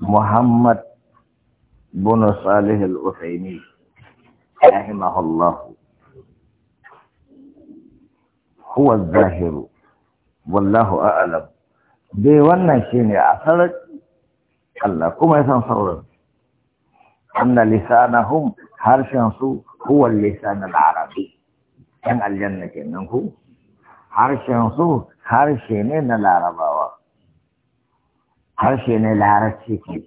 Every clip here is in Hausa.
محمد بن صالح الأسيني رحمه الله هو الظاهر والله أعلم ديوانا شيني أثرت ألا كما يتنصرون أن لسانهم هرشنسو هو اللسان العربي أن الجنة كنهم هرشنسو هرشنين العربي حسن العرشك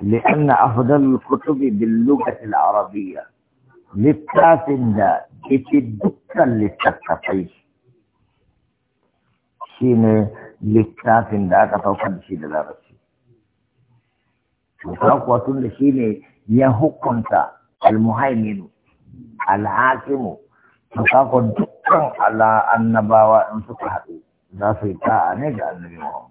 لأن أفضل الكتب باللغة العربية للتاسم ذا إتي دكا للتكتفيش شين للتاسم ذا كتوكا بشيد العرشي وتوقوة لشين يهقن تا المهيمن العاكم تتاقوا دكا على النباوة انتقهدوا ذا سيطاء نجا النبي محمد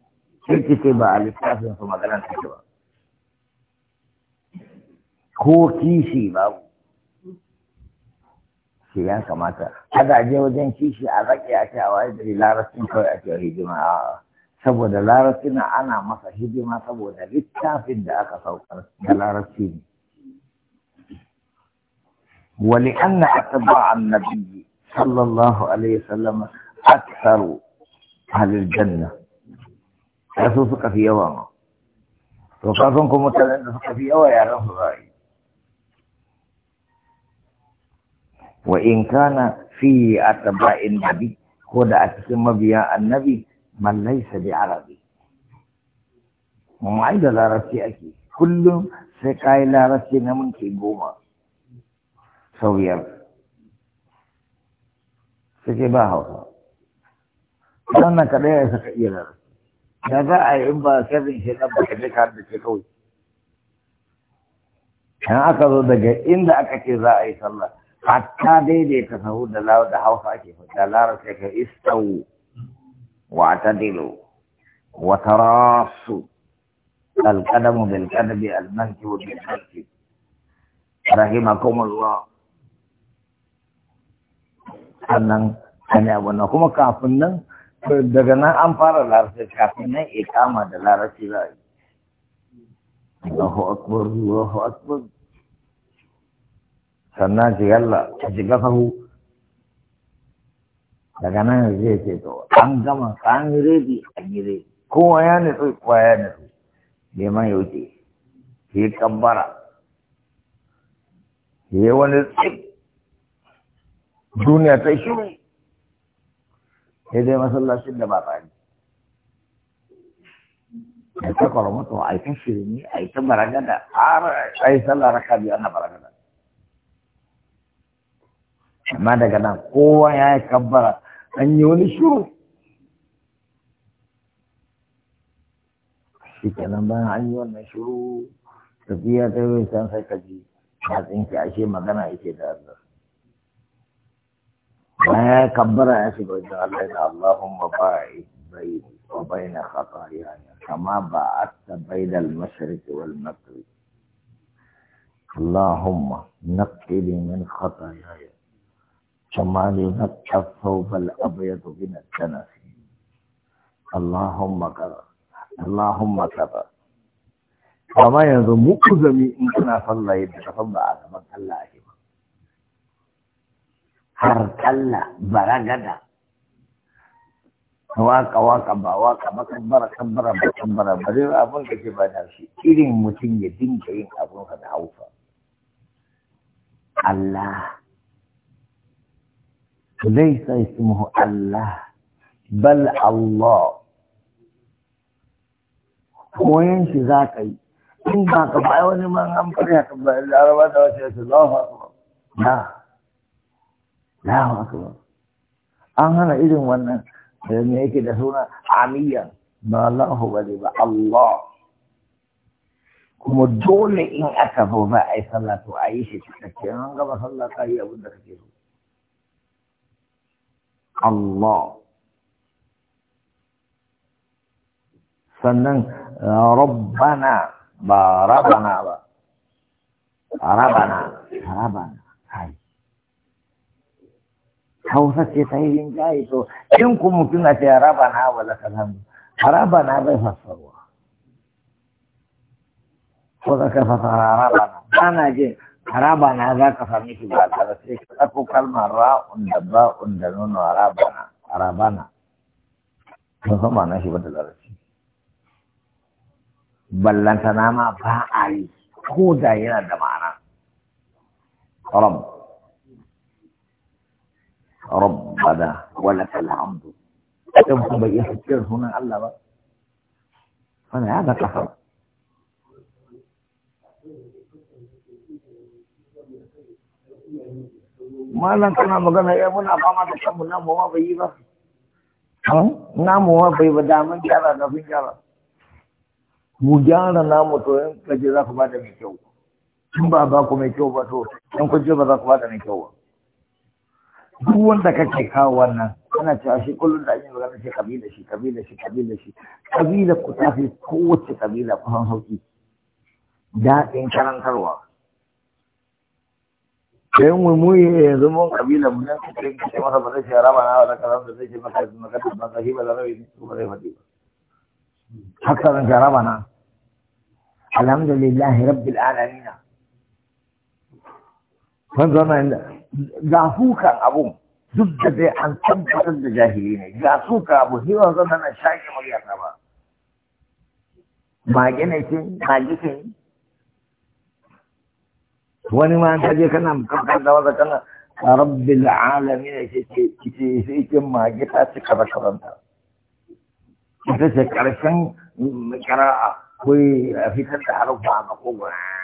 شركه تبع الاسلام في مدرسه شباب هو كيشي باب سيان كماتا هذا جو دين كيشي هذا كي اكي اوائد دي لارسين كوي اكي هيدي ما سبو دا لارسين انا مصا هيدي ما سبو دا لتا في دا اكا سوكر دا لارسين ولأن أتباع النبي صلى الله عليه وسلم أكثر أهل الجنة ya su suka fi yawa ma to kafin kuma mutanen da suka fi yawa yaran su za yi wa in kana fi atba'in nabi ko da a cikin mabiya annabi man laysa bi arabi mun ai da larabci ake kullum sai kai larabci na minti goma sau biyar sai ba hausa wannan kaɗai ya saka iya larabci da za a yi in ba sirrin shi nan ba ka je ka da ke kawai in aka zo daga inda aka ce za a yi sallah hatta daidaita sahu da lawa da hausa ake fita larabci ka istawu wa tadilu wa tarasu القدم بالقدم المنكب بالمنكب rahimakum Allah sannan hanya wannan kuma kafin nan daga nan an fara larabci kafin nan ikama da larabci ba a yi Allahu akbar Allahu akbar sannan ji yalla ta ji gafahu daga nan zai ce to an gama an yi rebi a yi rebi kowa ya nutsu kowa ya nutsu neman ya wuce yi kabbara yi wani tsip duniya ta shiru sai dai masallacin da ba tsari ya ta kwarmato a yi ta shirme a yi ta baragada har a yi sallah raka biyu ana baragada amma daga nan kowa ya yi kabbara an yi wani shuru shi kenan bayan an yi wannan shuru tafiya ta yi san sai ka ji a tsinki ashe magana yake da Allah ما كبر أسيب الله اللهم باعد بيني وبين خطاياي كما بعدت بين المشرق والمغرب اللهم نقلي من خطاياي كما ينقى الثوب الأبيض من الدنس اللهم كبر اللهم كبر amma yanzu mu ان in صلى الله عليه وسلم على الله harkalla baragada waka waka ba waka ba kabbara kabbara ba kabbara ba zai abin da ke ba da shi irin mutum ya dinga yin abin da haufa Allah laisa ismuhu Allah bal Allah koyon shi za ka yi in ba ka ba wani man an fara ka ba da wasu Allahu akbar na الله أكبر أنا هنا إذن وانا ميكي دسونا عميا ما الله وليبا الله كم الدول إن أكفوا فأي صلاة وعيشة تكيانا بصلاة أي أبدا كتيرو الله سنن ربنا باربنا با. ربنا ربنا هاي hausa ce ta yi linjaye to in ku mutum na ce raba na wala kalam raba na bai fassarwa ko za ka fassara raba na ba na jin raba na za ka sami shi ba tare sai ka ɗauko kalmar ra'un da ba'un da nuna raba na raba na ba san ba na shi ba da larabci ballanta na ma ba a yi ko da yana da ma'ana rabu ربنا ولك الحمد يوم تبقى يحكر هنا الله بقى فانا هذا كفر ما لن كنا مغنى يا ابونا قام تشملنا مو طيبة نعم مو طيبة داما جارة نفين جارة مجانا نامو تو كجزاك بادا ميشو كم بابا كو ميشو باتو كم كجزاك بادا ميشو باتو duk wanda kake kawo wannan ana cewa shi kullum da ake magana ce kabila shi kabila shi kabila shi kabila ku ta fi kowace kabila kusan sauki daɗin karantarwa sai mu mu yanzu mun kabila mu nan kace kace masa ba zai shara ba na da karam da zai ce maka da maka ba ka shi ba da rawi ko ba zai faɗi ba haka ran shara ba na alhamdulillah rabbil alamin ban zauna inda ga hukan abun duk da dai an tabbatar da jahili ne ga suka abu hewa zan zauna na shaƙe muryar ba mage ne ce mage ce wani ma ta je kana kankan da wata kana rabbil ne ke ce ke sai ce mage ta ci kaza karanta ita ce karshen kara'a ko a fitar da harufa a makogwara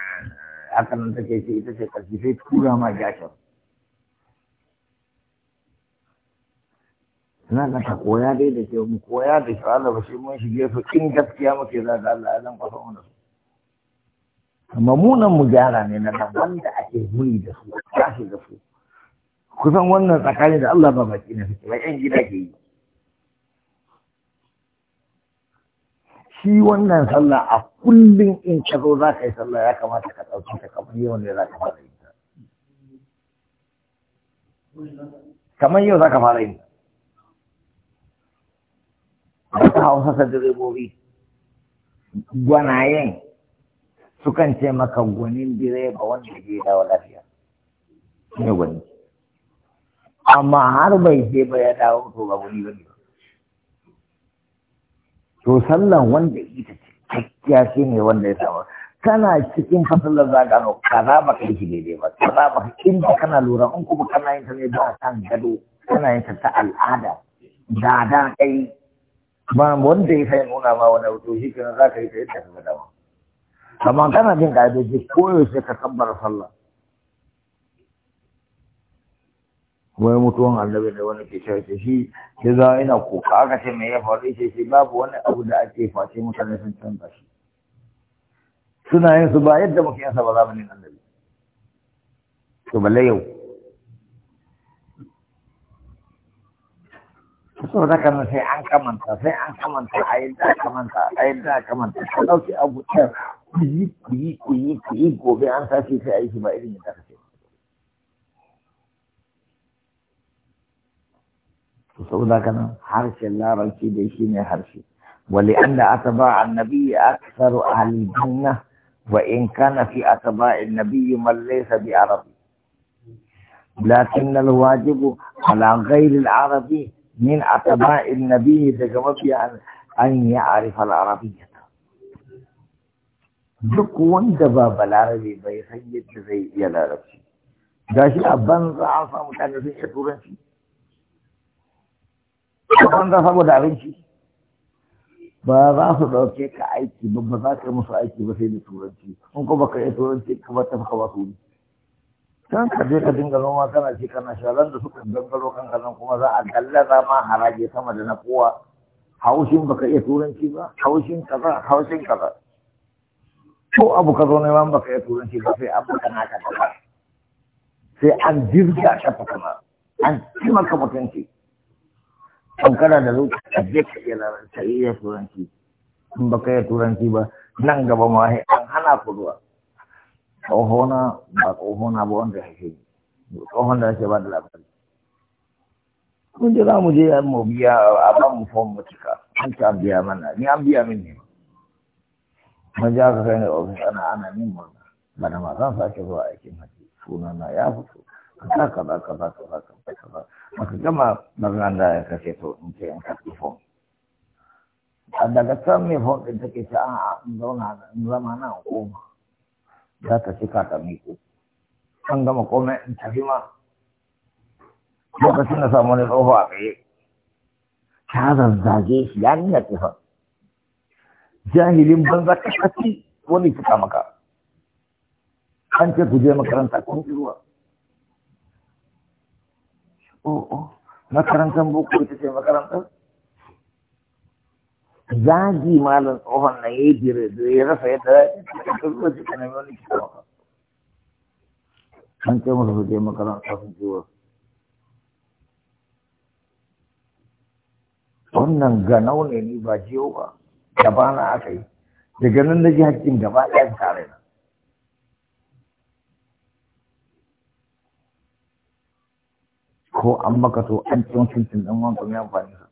hakanan take ce ita ce ƙarfi sai tura ma gashin suna ga ta koya dai da ke mu koya da shi Allah ba shi mun shige su in gaskiya muke za ga Allah ya zan kwasa mu da su amma munan mu gyara ne na nan wanda ake muni da su tashi da su kusan wannan tsakani da Allah ba baki na suke ba yan gida ke yi shi wannan sallah a kullum in ka zo za ka yi sallah ya kamata ka ɗauki ta kamar yau ne za ka fara yin ta. Kamar yau za ka fara yin ta. Wata hausa ta direbobi, gwanayen sukan ce maka gwanin direba wanda ke dawo lafiya. Ne gwani. Amma har bai je ba ya dawo to ba wani ba ne. to sallan wanda ita cikakkiya shi ne wanda ya samu kana cikin fasallar za gano kaza ba kai shi daidai ba kaza ba ka kana lura in kuma kana yin ta ne ba kan gado kana yin ta ta al'ada da da kai ba wanda ya sai nuna ma wani wato shi kana za ka yi ta yadda ka ga dama amma kana jin ko koyaushe ka tabbara sallah wai mutuwan annabi da wani ke shafe shi ke za ina kuka aka ce mai ya faru ce shi babu wani abu da ake face mutane sun canza shi suna yin su ba yadda muke yansa ba zamanin annabi to balle yau so da kan sai an kamanta sai an kamanta a yadda kamanta a yadda kamanta ka dauki abu ta kuyi kuyi kuyi kuyi gobe an sashi sai aiki ba irin da. تصور ذاك أنا حرش لا رشيد يشيني حرشي ولأن أتباع النبي أكثر أهل الجنة وإن كان في أتباع النبي من ليس بعربي لكن الواجب على غير العربي من أتباع النبي تجمبي أن يعرف العربية دك وندبا بالعربي بيخيط زي يلا رشيد داشي أبان رعاصة متعلقين شكورا فيه banza saboda abinci ba za su dauke ka aiki ba ba za ka musu aiki ba sai da turanci in ko baka yi turanci ka ba ta ba su kan ka je ka dinga noma kana ci kana sharan da suka gangaro kanka nan kuma za a gallaza ma haraje sama da na kowa haushin baka iya turanci ba haushin kaza haushin kaza ko abu ka zo neman baka iya turanci ba sai abu kana ka sai an jirga ka ta an kima ka mutunci an da zuciya je ka iya turanci in ba ka iya turanci ba nan gaba ma an hana ku ruwa tsohona ba tsohona ba wanda haife ni tsohon da ake ba da labari kun je mu biya a ba mu fom mu cika an ta biya mana ni an biya min ne mun ji aka kai ne ofis ana ana min murna bana ma zan sake zuwa aikin haji sunana ya fito kaza kaza kaza gama magana da ka ce to in ce in karɓi fom daga can mai fom ɗin take ce a in zauna in zama na koma za ta cika ta miƙo an gama komai in tafi ma lokacin da samu wani tsoho a tsaye ta zazzage shi ya nuna tsohon jahilin banza ka kaci wani fita maka an ce ku je makaranta kun ruwa oh oh makarantar boko ita ce makarantar zagi malam tsohon na ya yi ya rasa yadda ya ce zuwa cika na wani cikin an ce masu su je makarantar sun ciwo wannan ganau ne ni ba jiyo ba gabana aka yi daga nan na ji hakkin gaba ɗaya tare na ko an maka to an ci wancan cin ɗan wanka mai amfani sa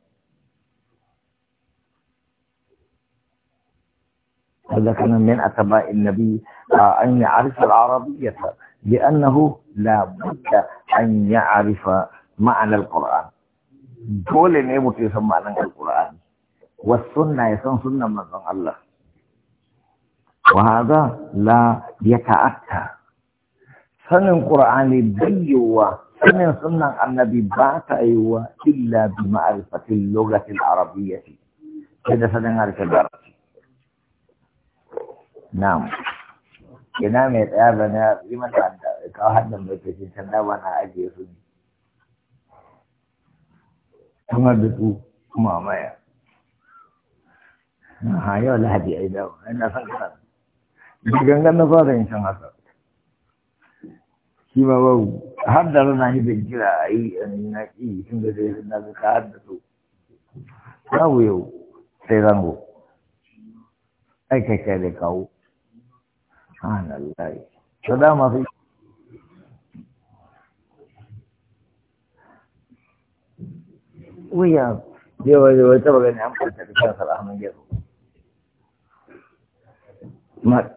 هذا كان من أتباع النبي آه، أن يعرف العربية لأنه لا بد أن يعرف معنى القرآن دول إن يموت يسمى معنى القرآن والسنة يسمى سنة من الله وهذا لا يتأتى sanin ƙur'ani bayyowa sanin sunan annabi ba ta yiwuwa illa bi ma'arifatin lokacin arabiyya ce sai da sanin harshen larabci na'am ina mai tsaya ba na yi mata da? kawo hannun mai kashin sanda ba na ajiye su ne kamar da su kuma maya ha yau lahadi ai dawo ina son kan gangan na fara yin shan haka shi ma babu har da rana shi bai jira a yi na ƙi tun da zai na ga har da su babu yau sai rango ai kai kai da kawo subhanallah to da ma wuya zai waje wai an da kansa alhamdulillah